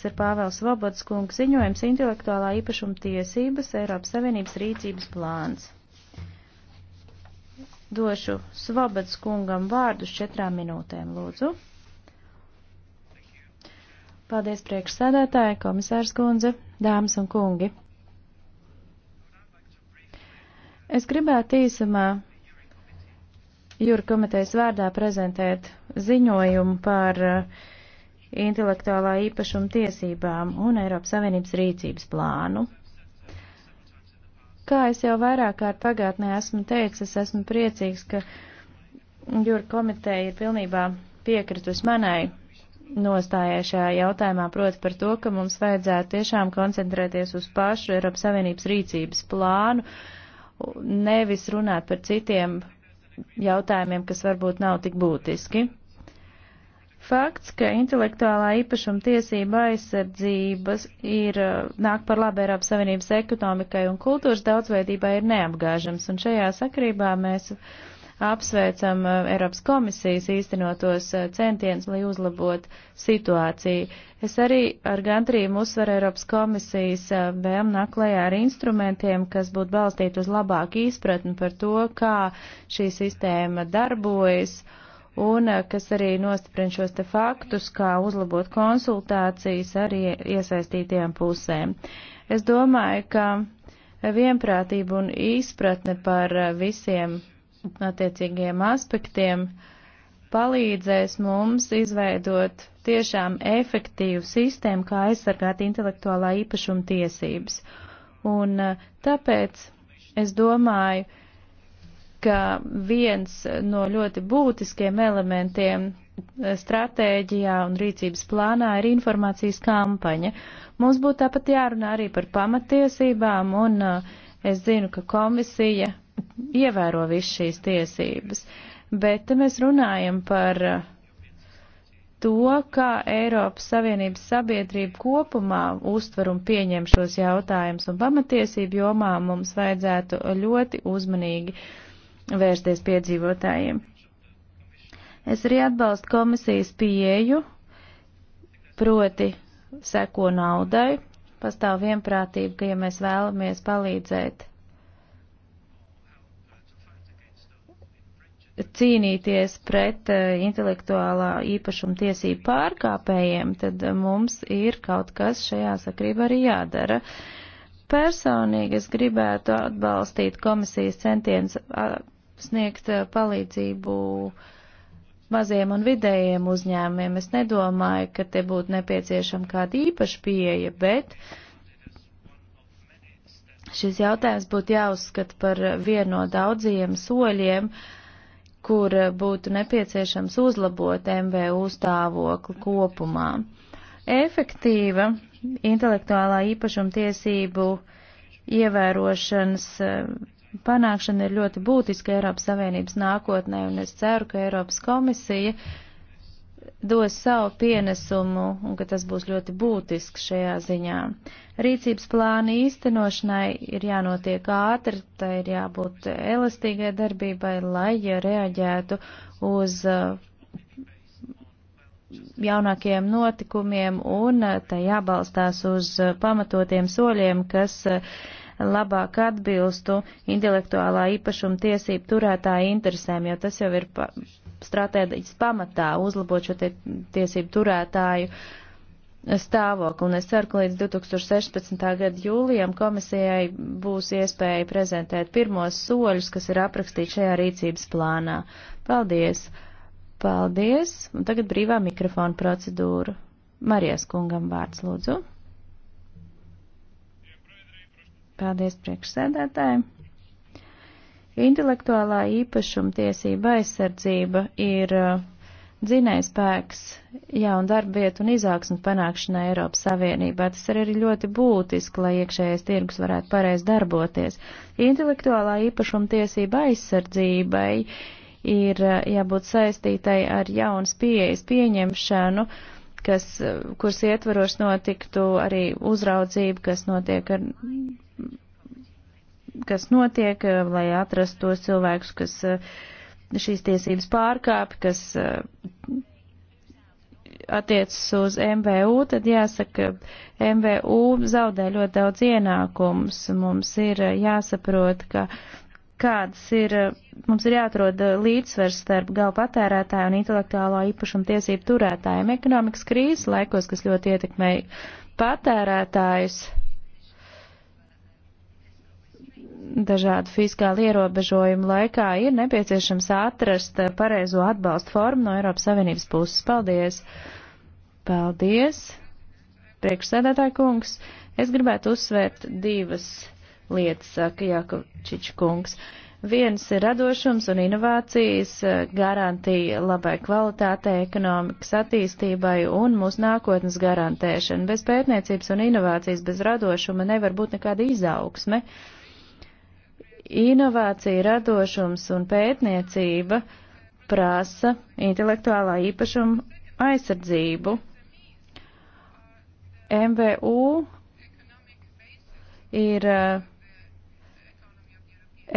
Tas ir Pāvēls Vobods kungs ziņojums intelektuālā īpašuma tiesības Eiropas Savienības rīcības plāns. Došu Svobods kungam vārdu uz četrām minūtēm, lūdzu. Paldies priekšsēdētāji, komisārs kundze, dāmas un kungi. Es gribētu īsumā jūra komitejas vārdā prezentēt ziņojumu par uh, intelektuālā īpašuma tiesībām un Eiropas Savienības rīcības plānu. Kā es jau vairāk kārt pagātnē esmu teicis, es esmu priecīgs, ka jūra komiteja ir pilnībā piekritus manai nostājai šajā jautājumā, proti par to, ka mums vajadzētu tiešām koncentrēties uz pašu Eiropas Savienības rīcības plānu, nevis runāt par citiem jautājumiem, kas varbūt nav tik būtiski fakts, ka intelektuālā īpašuma tiesība aizsardzības ir, eh, nāk par labu Eiropas Savienības ekonomikai un kultūras daudzveidībai ir neapgāžams. Un šajā sakrībā mēs apsveicam eh, Eiropas komisijas īstenotos eh, centienus, lai uzlabot situāciju. Es arī ar gantrību uzsveru Eiropas komisijas vēlm naklējā ar instrumentiem, kas būtu balstīti uz labāku izpratni par to, kā šī sistēma darbojas. Uh, un eh, kas arī nostiprina šos te faktus, kā uzlabot konsultācijas ar iesaistītajām pusēm. Es domāju, ka vienprātība un izpratne par eh, visiem attiecīgiem aspektiem palīdzēs mums izveidot tiešām efektīvu sistēmu, kā aizsargāt intelektuālā īpašuma tiesības. Un eh, tāpēc es domāju, ka viens no ļoti būtiskiem elementiem eh, stratēģijā un rīcības plānā ir informācijas kampaņa. Mums būtu tāpat jārunā arī par pamatiesībām, un eh, es zinu, ka komisija ievēro visu šīs tiesības, bet te mēs runājam par eh, to, kā Eiropas Savienības sabiedrība kopumā uztver un pieņem šos jautājumus, un pamatiesību jomā mums vajadzētu ļoti uzmanīgi uh, vērsties piedzīvotājiem. Es arī atbalstu komisijas pieeju, proti seko naudai. Pastāv vienprātība, ka ja mēs vēlamies palīdzēt cīnīties pret eh, intelektuālā īpašuma tiesību pārkāpējiem, tad eh, mums ir kaut kas šajā sakrībā arī jādara. Personīgi es gribētu atbalstīt komisijas centienus sniegt eh, palīdzību maziem un vidējiem uzņēmumiem. Es nedomāju, ka te būtu nepieciešama kāda īpaša pieeja, bet šis jautājums būtu jāuzskata par vienu no daudziem soļiem, kur būtu nepieciešams uzlabot MVU stāvokli kopumā. Efektīva intelektuālā īpašuma tiesību ievērošanas eh, panākšana ir ļoti būtiska Eiropas Savienības nākotnē, un es ceru, ka Eiropas komisija dos savu pienesumu un ka tas būs ļoti būtisks šajā ziņā. Rīcības plāna īstenošanai ir jānotiek ātri, tai ir jābūt elastīgai darbībai, lai reaģētu uz uh, jaunākajiem notikumiem un uh, tai jābalstās uz uh, pamatotiem soļiem, kas uh, labāk atbilstu intelektuālā īpašuma tiesību turētāja interesēm, jo tas jau ir pa, stratēģis pamatā uzlabot šo tie, tiesību turētāju stāvokli. Un es ceru, ka līdz 2016. gada jūlijam komisijai būs iespēja prezentēt pirmos soļus, kas ir aprakstīti šajā rīcības plānā. Paldies! Paldies! Un tagad brīvā mikrofona procedūra. Marijas kungam vārds lūdzu. Paldies priekšsēdētājiem. Intelektuālā īpašuma tiesība aizsardzība ir uh, dzinējspēks jaunu darba vietu un izaugsmu panākšanai Eiropas Savienībā. Tas arī ir ļoti būtiski, lai iekšējais tirgus varētu pareizi darboties. Intelektuālā īpašuma tiesība aizsardzībai ir uh, jābūt saistītai ar jaunas pieejas pieņemšanu, kas, uh, kuras ietvaros notiktu arī uzraudzība, kas notiek ar kas notiek, eh, lai atrastu tos cilvēkus, kas eh, šīs tiesības pārkāpj, kas eh, attiecas uz MVU, tad jāsaka, MVU zaudē ļoti daudz ienākums. Mums ir jāsaprot, ka kādas ir, mums ir jāatrod līdzsvers starp galva patērētāju un intelektuālā īpašuma tiesību turētājiem. Ekonomikas krīzes laikos, kas ļoti ietekmēja patērētājus, dažādu fiskālu ierobežojumu laikā ir nepieciešams atrast pareizo atbalstu formu no Eiropas Savienības puses. Paldies! Paldies! Priekšsēdētāji kungs, es gribētu uzsvērt divas lietas, saka Jakovčič kungs. Viens ir radošums un inovācijas, garantija labai kvalitātei, ekonomikas attīstībai un mūsu nākotnes garantēšana. Bez pētniecības un inovācijas, bez radošuma nevar būt nekāda izaugsme. Ne? Inovācija, radošums un pētniecība prasa intelektuālā īpašuma aizsardzību. MVU ir uh,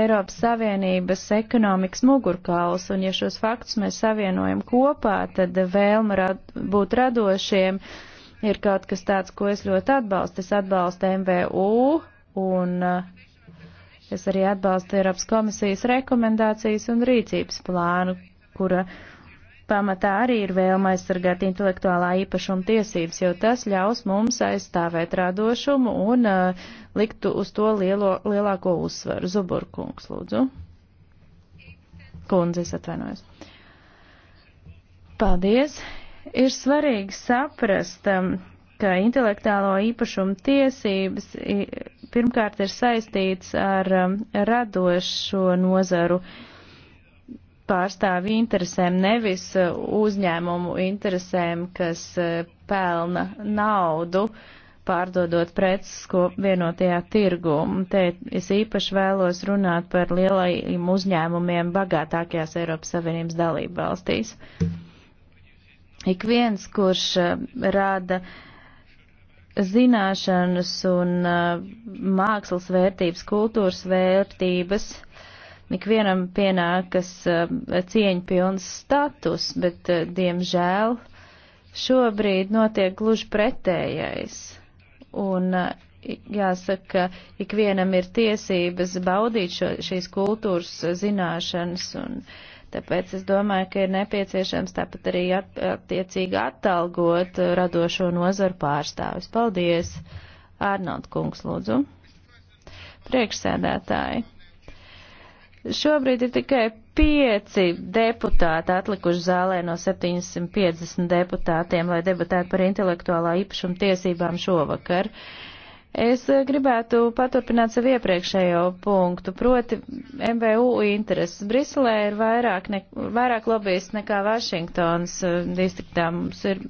Eiropas Savienības ekonomikas mugurkauls, un ja šos faktus mēs savienojam kopā, tad vēlme rad būt radošiem ir kaut kas tāds, ko es ļoti atbalstu. Es atbalstu MVU un uh, Es arī atbalstu Eiropas komisijas rekomendācijas un rīcības plānu, kura pamatā arī ir vēlma aizsargāt intelektuālā īpašuma tiesības, jo tas ļaus mums aizstāvēt radošumu un uh, liktu uz to lielo, lielāko uzsvaru. Zuburkungs, lūdzu. Kundzes atvainojas. Paldies. Ir svarīgi saprast, um, ka intelektuālo īpašumu tiesības pirmkārt ir saistīts ar um, radošo nozaru pārstāvju interesēm, nevis uh, uzņēmumu interesēm, kas uh, pelna naudu pārdodot preces, ko vienotajā tirgu. Te es īpaši vēlos runāt par lielajiem uzņēmumiem bagātākajās Eiropas Savienības dalību valstīs. Ik viens, kurš uh, rada uh, zināšanas un uh, mākslas vērtības, kultūras vērtības. Ikvienam pienākas uh, cieņa pilns status, bet, uh, diemžēl, šobrīd notiek gluži pretējais. Un jāsaka, ka ikvienam ir tiesības baudīt šo, šīs kultūras zināšanas un uh, Tāpēc es domāju, ka ir nepieciešams tāpat arī attiecīgi attalgot radošo nozaru pārstāvis. Paldies! Ārnaut kungs, lūdzu. Priekšsēdētāji. Šobrīd ir tikai pieci deputāti atlikuši zālē no 750 deputātiem, lai debatētu par intelektuālā īpašuma tiesībām šovakar. Uh, Es gribētu paturpināt savu iepriekšējo punktu, proti MVU intereses. Briselē ir vairāk, ne, vairāk lobbyisti nekā Vašingtonas eh, distriktā. Mums ir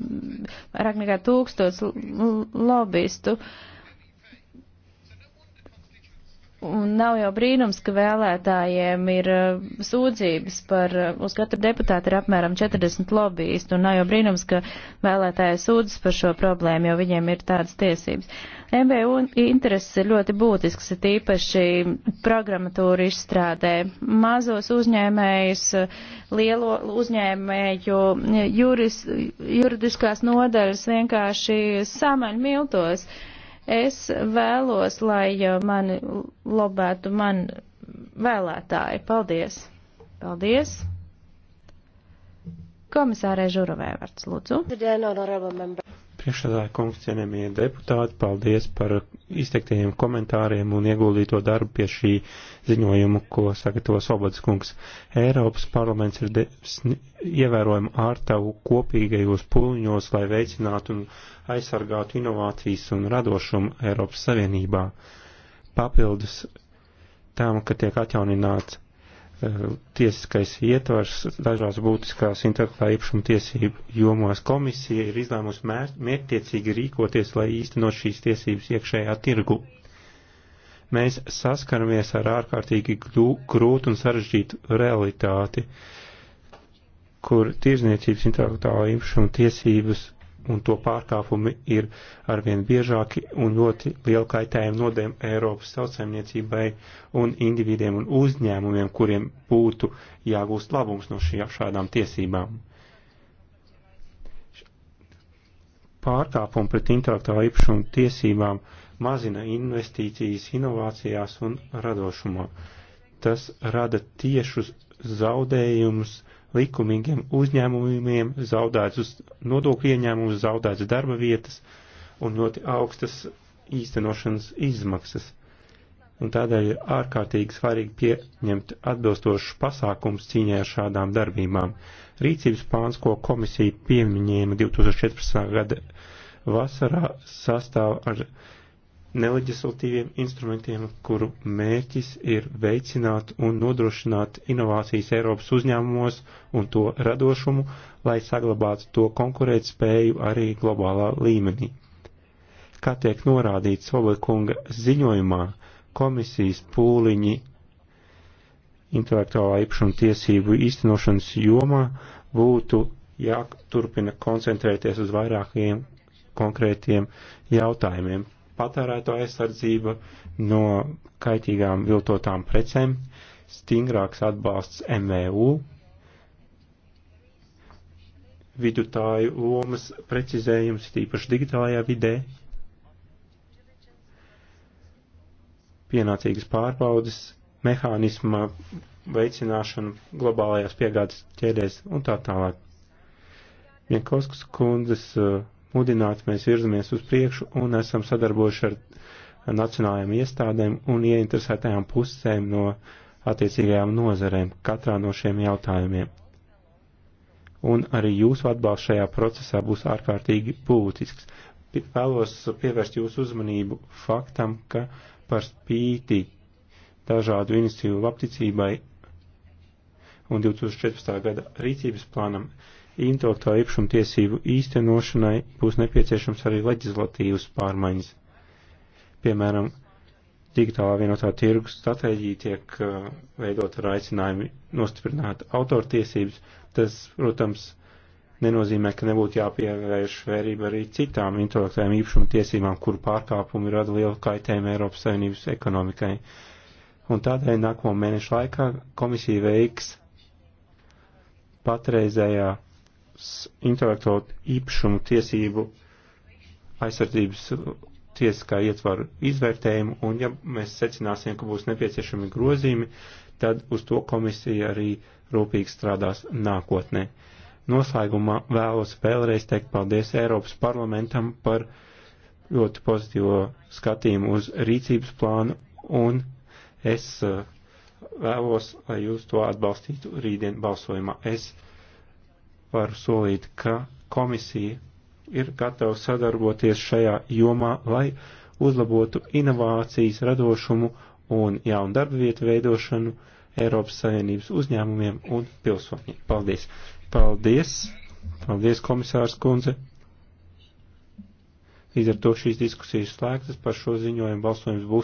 vairāk nekā tūkstots lobbyistu. Uh, Un nav jau brīnums, ka vēlētājiem ir uh, sūdzības par, uh, uz katru deputātu ir apmēram 40 lobbyistu, un nav jau brīnums, ka vēlētāji sūdzas par šo problēmu, jo viņiem ir tādas tiesības. MBU intereses ir ļoti būtisks, ir tīpaši programmatūra izstrādē. Mazos uzņēmējus, eh, lielo uzņēmēju juris, juridiskās nodaļas vienkārši samaļ miltos. Uh, Es vēlos, lai uh, mani lobētu man vēlētāji. Paldies! Paldies! Komisārai Žuravē vārds, lūdzu. Priekšsēdētāji kungs, cienījamie deputāti, paldies par izteiktajiem komentāriem un ieguldīto darbu pie šī ziņojuma, ko sagatavo Sobodas kungs. Eiropas parlaments ir ievērojama ārtavu kopīgajos puliņos, lai veicinātu un aizsargātu inovācijas un radošumu Eiropas Savienībā. Papildus tam, ka tiek atjaunināts Eh, tiesiskais ietvars dažās būtiskās intelektuālā īpašuma tiesību jomās. Komisija ir izlēmusi mērķtiecīgi rīkoties, lai īstenot šīs tiesības iekšējā tirgu. Mēs saskaramies ar ārkārtīgi grūtu un sarežģītu realitāti, kur tirzniecības intelektuālā īpašuma tiesības un to pārkāpumi ir arvien biežāki un ļoti liela kaitējuma nodēm Eiropas tautsēmniecībai un individiem un uzņēmumiem, kuriem būtu jāgūst labums no šī, šādām tiesībām. Pārkāpumi pret intelektuālo īpašumu tiesībām mazina investīcijas inovācijās un radošumā. Tas rada tiešus zaudējumus likumīgiem uzņēmumiem, zaudēts uz nodokļu ieņēmumus, zaudēts darba vietas un ļoti augstas īstenošanas izmaksas. Un tādēļ ir ārkārtīgi svarīgi pieņemt atbilstošus pasākums cīņā ar šādām darbībām. Rīcības plāns, ko komisija pieminēja 2014. gada vasarā, sastāv ar neleģislatīviem instrumentiem, kuru mērķis ir veicināt un nodrošināt inovācijas Eiropas uzņēmumos un to radošumu, lai saglabātu to konkurētspēju arī globālā līmenī. Kā tiek norādīts Sobekunga ziņojumā, komisijas pūliņi intelektuālā īpašuma tiesību īstenošanas jomā būtu jāturpina koncentrēties uz vairākiem konkrētiem jautājumiem, patērēto aizsardzība no kaitīgām viltotām precēm, stingrāks atbalsts MVU, vidutāju lomas precizējums tīpaši digitālajā vidē, pienācīgas pārbaudas, mehānisma veicināšanu globālajās piegādes ķēdēs un tā tālāk. Mienkauskas kundzes uh, mudināti, mēs virzamies uz priekšu un esam sadarbojuši ar nacionālajām iestādēm un ieinteresētajām pusēm no attiecīgajām nozarēm katrā no šiem jautājumiem. Un arī jūsu atbalsts šajā procesā būs ārkārtīgi būtisks. Vēlos pievērst jūsu uzmanību faktam, ka par spīti dažādu iniciatīvu labticībai un 2014. gada rīcības plānam intelektuālā īpašuma tiesību īstenošanai būs nepieciešams arī leģislatīvas pārmaiņas. Piemēram, digitālā vienotā tirgus stratēģija tiek uh, veidot ar aicinājumu nostiprināt autortiesības. Tas, protams, nenozīmē, ka nebūtu jāpievērš vērība arī citām intelektuālajām īpašuma tiesībām, kuru pārkāpumi rada lielu kaitējumu Eiropas Savienības ekonomikai. Un tādēļ nākamo mēnešu laikā komisija veiks patreizējā intelektuālo īpašumu tiesību aizsardzības tiesiskā ietvaru izvērtējumu, un ja mēs secināsim, ka būs nepieciešami grozījumi, tad uz to komisija arī rūpīgi strādās nākotnē. Noslēgumā vēlos vēlreiz teikt paldies Eiropas parlamentam par ļoti pozitīvo skatījumu uz rīcības plānu, un es eh, vēlos, lai jūs to atbalstītu rītdien balsojumā. Es Varu solīt, ka komisija ir gatava sadarboties šajā jomā, lai uzlabotu inovācijas radošumu un jaunu darba vietu veidošanu Eiropas Savienības uzņēmumiem un pilsoņiem. Paldies! Paldies! Paldies, komisārs kundze! Līdz ar to šīs diskusijas slēgtas par šo ziņojumu balsojums būs.